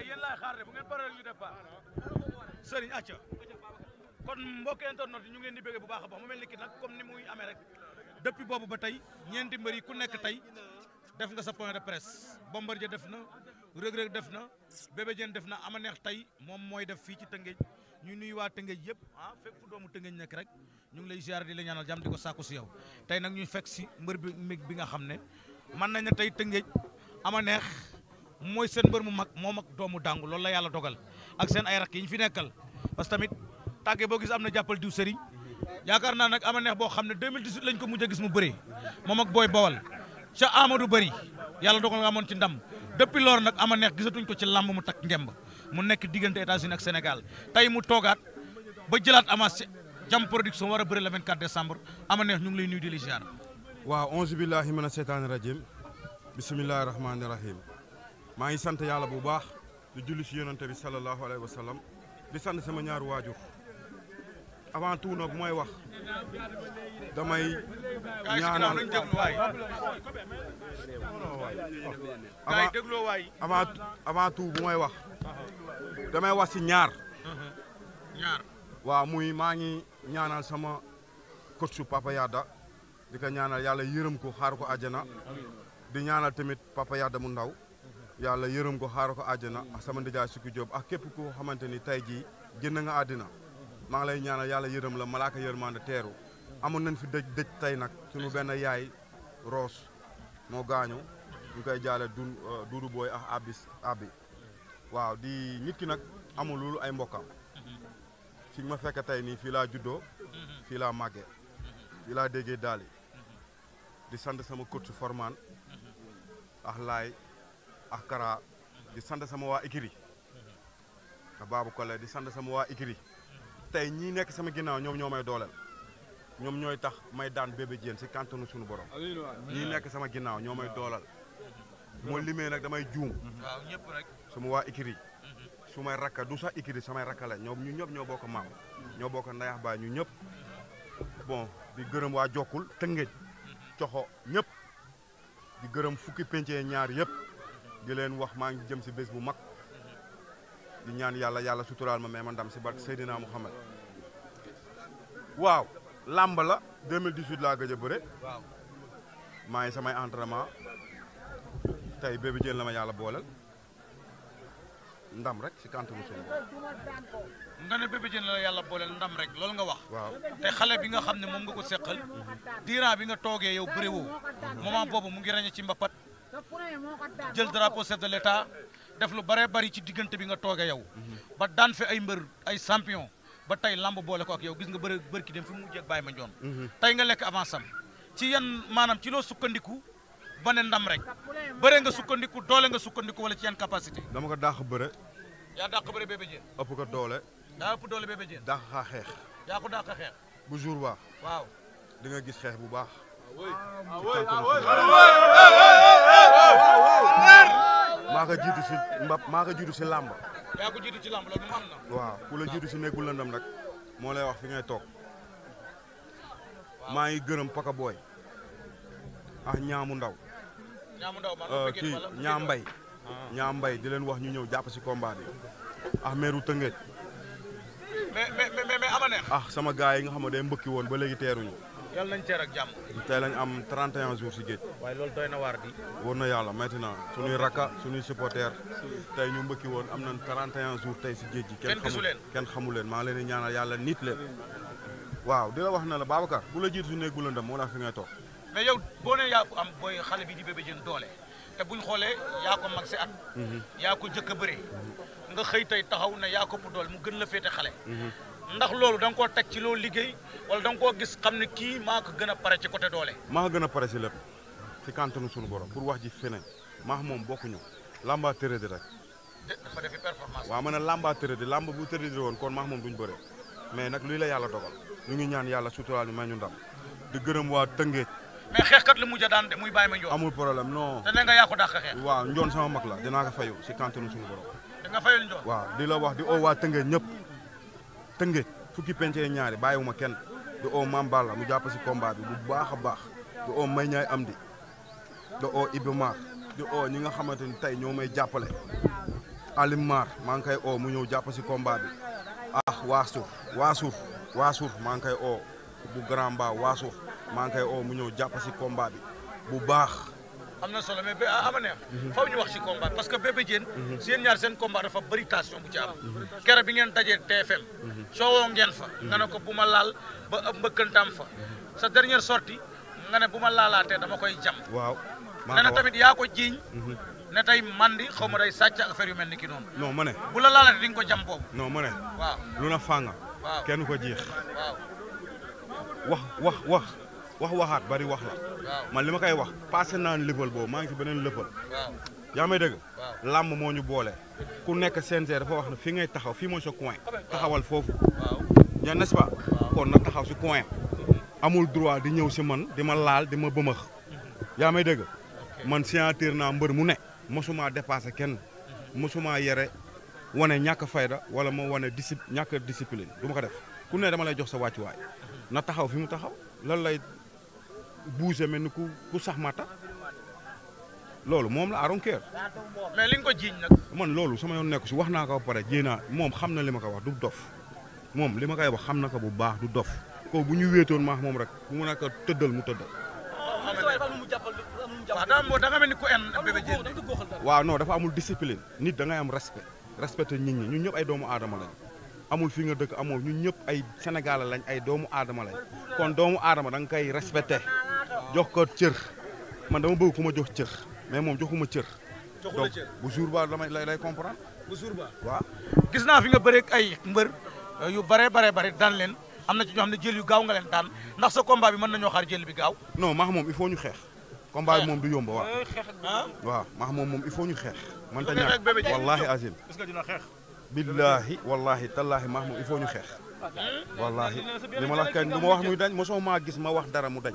waaye yéen laay xaar de bu ngeen paree ñu kon mbokk internet ñu ngeen di bëgg bu baax a baax mu mel ni ki nag comme ni muy amee rek depuis boobu ba tey ñeenti mbër yi ku nekk tey def nga sa point de presse Bombardier def na Reug Reug def na ah fépp fu doomu Tëngéej nekk di la ñaanal jàmm di ko sàkku si yow tey nag ñu fekk si mbër bi moy seen mbeur mu mag mom ak doomu dangu loolu la yalla dogal ak seen ay rak yiñ fi nekkal parce tamit tagge bo gis amna jappal jàppal diw sëriñ yaakaar naa nag ama neex bo xamne 2018 lañ ko mujjé gis mu bëree mom ak boy bawal ca Amadou Bari yalla dogal nga mon ci ndam depuis lor nak ama neex gisatuñ ko ci lamb mu tak ngemb mu nekk digënté États-Unis ak Sénégal tay mu togaat ba jëlaat avance jam production wara a le 24 décembre ama neex ñu ngi lay nuyu di li ziar wa 11 billahi mina seytaani rajim bismillahir rahmanir rahim maa ngi sant yàlla bu baax di julli si yonante bi sallallahu alayhi wa di sant sama ñaar waajur avant tout nag mooy wax damay ñaanal avant wax si ñaar ñaar muy maa ngi ñaanal sama coach Papa Yada di ko ñaanal yàlla yërëm ko xaar ko àjjana di ñaanal tamit Papa Yada mu ndaw yalla yeureum ko xaar ko aljana ak sama ndijaay sukki job ak kep ko xamanteni tay ji jii nga adina ma ngi lay ñaanal yalla yeureum la malaka yërmande teru amon nañ fi dej dej tay nak suñu ben yaay ros mo gañu ñu koy jale dun euh, dudu boy ak abis abbi waaw di nit ki nak amul loolu ay mbokam ci mm-hmm. ma fekk tay ni fi la juddo mm-hmm. fi la magge mm-hmm. fi la dege daal di sant sama coach forman ak lay. Akara di sant sama wa Ikiri a Babou Collé di sant sama wa Ikiri tay ñi nek sama ginnaw ñom ñoo may dooleel ñoom ñooy tax may daan bébé jéen si cantonu suñu borom ñi nek sama ginnaw ñoo may doolal moo limee nag damay juum waaw ñepp rek sama wa Ikiri mhm. sumay rakka du sax Ikiri sama rakka la ñom ñu ñëpp ño bokk maam mhm. ño bokk ndayax ba ñu ñep bon di gërëm waa jokul tëngëj mhm. coxo ñep di gërëm fukki pencee ñaar yépp di leen wax maa ngi jëm si bés bu mag di ñaan yàlla yàlla suturaal ma mais ma ndam si barke Seydina Mouhamed waaw làmb la 2018 laa gëj a bëre maa ngi samay entraînement tey Bébé Diène la ma yàlla booleel ndam rek ci kàntanu suñu nga ne Bébé Diène la yàlla booleel ndam rek loolu nga wax. waaw te xale bi nga xam ne moom nga ko seqal. Mhm. diiraa bi nga toogee yow bëriwoo. Mhm. moment boobu mu ngi rañe ci mbappat jël drapeau chef de def lu bare bari ci diggante bi nga toogee yow ba daan fi ay mbër ay champion ba tey lamb boole ko ak yow gis nga bëri bër ki dem fi mu mujjee ak Baye Mandione mhm. tey nga lekk avance am ci yan maanaam ci loo sukkandiku ba ne ndam rek bëre nga sukkandiku doole nga sukkandiku wala ci yan capacité dama ko dàq bëre yaa dàq bëre Bébé Diène ëpp ko doole daa ëpp doole Bébé Diène dàq xaa xeex yaa ko dàq xeex bu jour baax waaw di nga gis xeex bu baax maa ko jiitu si mbap maa ko jiitu si làmb. yaa ko ku la jiitu si nekkul lëndam nag moo lay wax fi ngay toog maa ngi gërëm Paka Boy ah, ñaamu ndaw. Euh, kii ñaam mbay. Ah. ñaam mbay di leen wax ñu ñëw jàpp si combat bi ah meeru Tëngéej. mais ah, sama gars yi nga xam ne day mbëkki woon ba léegi teeruñu. yàlla nañ teer ak jàmm. tey lañ am 31 jours si géej. waaye loolu doy na waar di. wóor na yàlla maintenant suñuy rakka suñuy supporter tey ñu mbëkki woon am nañ 31 jours tey si géej gi. kenn gisu leen kenn xamu leen maa ngi leen di ñaanal yàlla nit leen. waaw di wax na la Babacar bu la jiitu si néeg bu lëndëm moo tax fi ngay toog. mais yow boo nee yaa ko am booy xale bi di Bébé doole te buñ xoolee yaa ko mag si at. Mhm. yaa ko jëkk a bëree. Mhm. nga xëy tey taxaw na yaa ko ëpp doole mu gën la féete xale. Mhm. ndax loolu dang ko tek ci lo liggey wala dang ko gis xamni ki mako gëna paré ci côté doole ma gëna paré ci lepp ci si sunu borom pour wax ji fene ma mom bokku ñu lamba téré di rek dafa def performance wa mëna lamba téré di lamba bu téré di won kon ma mom duñ bëré mais nak luy la yalla dogal ñu ngi ñaan yalla sutural ñu may ñu ndam di gëreum wa tëngeej mais xex xeexkat li mujj daan de muy bàyyi ñoo amul problème non té nga yaa ko dàq xeex waaw njoon sama mak la dina ko fayu ci kantanu sunu borom nga fayal njoon wa di la wax di o wa tëngeej ñëpp tëngëj fukki pencee ñaari bàyyiwuma kenn du oo Mame Balla mu jàpp si combat bi bu baax baax du oo May Amdi do o Ibou Mar o oo ñi nga xamante ni tey Alim Mar maa ngi koy oo mu ñëw jàpp si combat bi ah waasuuf waasuuf waasuuf maa ngi bu grand ba waasuuf maa ngi koy mu si combat bi bu baax am solo mais ba ah, ama neex mhm. ñu wax ci combat parce que Bébé Diène mhm. seen ñaar seen combat dafa bëri tension bu ci am mhm. bi ngeen TFM soowoo ngeen fa nga ne ko bu ma laal ba ëpp mbëkkantaam fa sa dernière sortie nga ne bu ma laalaatee dama koy jam waaw nee na tamit yaa ko jiiñ mhm. ne tey mandi xaw ma day sàcc affaire yu mel ni ki noonu non ma ne bu la laalaatee ko jam boobu non ma ne waaw lu na fànga kenn ko jiix waaw wax wax wax waxaat bari wax la man li ma koy wax passé naa lëfal boobu maa ngi si beneen lëfal yaa may dégg làmb moo ñu boole ku nekk CNG dafa wax na fi ngay taxaw fii mooy sa coin taxawal foofu yaa n'est-ce pas kon nag taxaw si coin mhm. amul droit di ñëw si man di ma laal di ma bëmax mhm. yaa may dégg man signature naa mbër mu ne mosuma dépassé kenn mhm. mosuma yere wane ñàkk fayda wala ma wane disip ñàkk discipline du ma ko def ku ne dama lay jox sa wàccuwaay na taxaw fi mu taxaw lan lay bougé mel ni ku ku sax mata loolu moom la I don't ko jiiñ man loolu sama yoon nekku si wax naa ko ba pare jéem naa moom xam na li ma koy wax du dof moom li ma koy wax xam na ko bu baax du dof. ko bu ñu wéetoon maax moom rek mu mun a ko tëddal mu tëddal. waa noo dafa amul discipline. nit da ngay am respect. respecté nit ñi ñun ñëpp ay doomu aadama lañ amul fii nga dëkk amul ñun ñëpp ay senegalal lañ ay doomu aadama lañ kon doomu aadama da nga koy respecté jox ko cër man dama bëgg ku ma jox cër. mais mom joxuma cieur joxuma cër donc bu jour ba lay lay comprendre. bu jour ba wa gis na fi nga bëreeg ay mbeur yu bare bare bare dan len amna ci ñoo xamne jël yu gaaw nga len dan ndax sa combat bi meun nañu xaar jël bi gaaw. non maax mom il faut ñu xex combat bi mom du yomb wa euh, wa maax mom mom il faut ñu xex man ta ñaar wallahi azim. est-ce que dina xex billahi wallahi tallahi maax mom il faut ñu xex wallahi lima la kañ wax muy dañ so ma gis ma wax dara mu dañ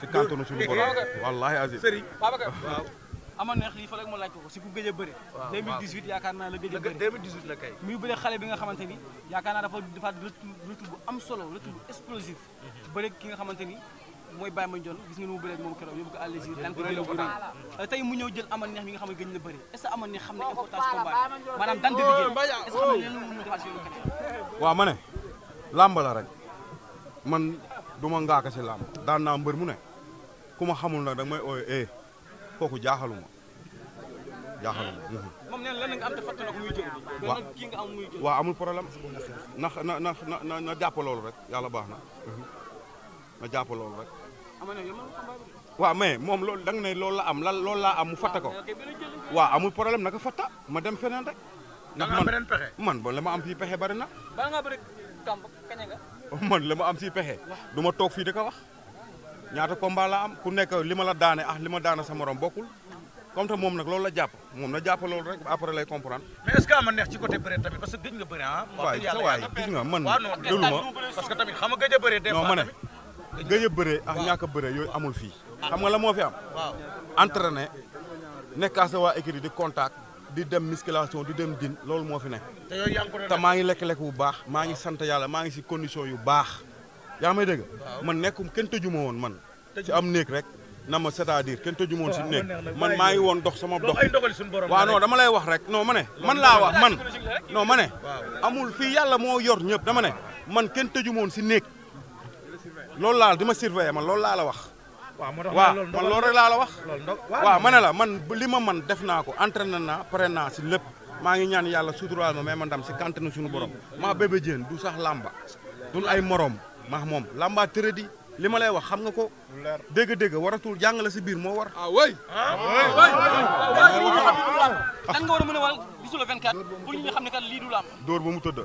si kàttanu suñu borom wallaahi azim neex lii fa rek ma laaj ko si ku gëj a bëre 2018 yaakaar naa la gëj a bëre 2018 la kay muy bëre xale bi nga xamante yaakaar naa dafa dafa retour bu am solo explosif mhm. bëre ki nga xamante ni mooy Baye Mandione gis ngeen mu bëreeg moom keroog yóbbu ko à l'égir daan ko jël bu rëy euh, tey mu ñëw jël amal nga xam ne gëj na bëri est-ce que amal neex xam ne importance combat maanaam daan di oh, liggéey est-ce que xam ne oh. leen mu defal si yoonu keneen ma ne làmb la rek du ma ngaaka si daan naa mbër mu ne ku ma xamul nag da may ooy eh kooku jaaxalu ma jaaxalu ma. Mhm. moom ko muy jël. waaw kii nga am muy jël. waaw amul problème na na na na na rek yàlla baax na mhm. na jàpp rek. waa mais moom loolu da nga ne loolu la am lan loolu laa am mu fàtte ko. Ah, waaw amul problème naka fàtta ma dem feneen rek. ndax man man bon la ma am fii pexe bari na. man la ma am si pexe du ma toog fii di ko wax ñaata combat la am ku nekk li la daane ah li daane sa bokkul comme te moom nag loolu la jàpp moom na jàpp rek après lay comprendre. Ah? sa waay gis nga man déglu ma parce que tamit a bëre. des a a bëre yooyu amul fii. xam nga la moo fi am. sa waa écrit di contact. di dem musculation di dem din loolu moo fi ne te maa ngi lekk-lekk bu baax maa ngi sant yàlla maa ngi si condition yu baax yaa may dégg man nekkum kenn tëjuma woon man ci am néeg rek na ma c'est-à-dire kenn tëjuma woon si néeg man maa ngi woon dox sama dox waaw non dama lay wax rek non ma ne man laa wax man non ma ne amul fii yàlla moo yor ñëpp dama ne man kenn tëjuma woon si néeg loolu laa di ma surveiller man loolu laa la wax waaw man loolu rek laa la wax waaw ma ne la man li ma man def naa ko entraîné naa pare naa si lépp maa ngi ñaan yàlla suturaal ma mais ma ndam si kantanu suñu borom maa bébé jéen du sax làmba dun ay morom maax moom làmba tërëdi li ma lay wax xam nga ko dégg-dégg waratul jàng la si biir moo war ah way ah, ah, ah, lan nga war a mën a wal bisu le 24 pour ñu xam ne kat lii du làmb dóor ba mu tëdd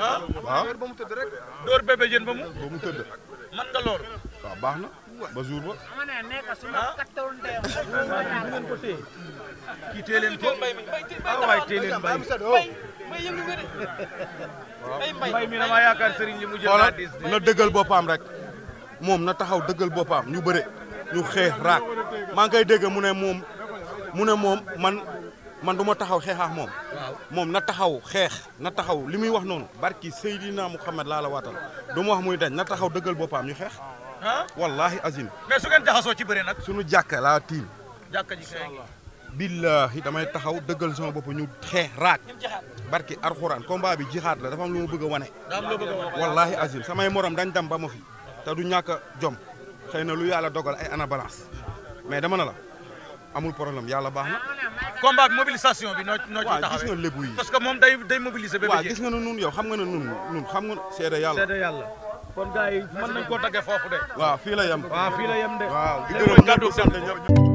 ah waaw dóor ba mu tëdd rek dóor bébé jéen ba mu ba mu tëdd man nga loolu waaw baax ba jour ba. ah. kii téye leen mu jël na dëggal boppam rek moom na taxaw dëggal boppam ñu bëre ñu xeex raak maa ngi koy dégg mu ne moom mu ne moom man. man du taxaw xeexaax moom moom na taxaw xeex na taxaw li muy wax noonu barki Seydina Muhammad laa la waatal du ma wax muy dañ na taxaw dëggal boppam ñu xeex wallahi azim mais su ngeen taxaso ci beure nak suñu jàkka la tim jàkka ji kay billahi damay taxaw deugal sama bop ñu xé raak barki alquran combat bi jihad la dafa am lu mu bëgg wone wallahi azim sama morom dañ dam ba ma fi ta du ñaka jom xeyna lu yalla dogal ay eh, ana balance mais dama na la amul problème yalla baxna combat mobilisation bi no no ci taxaw gis nga lébu yi parce que mom day day mobiliser bébé gis nga nun yow xam nga nun nun xam nga seede yàlla seede yalla kon gars yi nañ koo tagge foofu de. waaw fii la yem. waaw fii la yem de. waaw di gërëm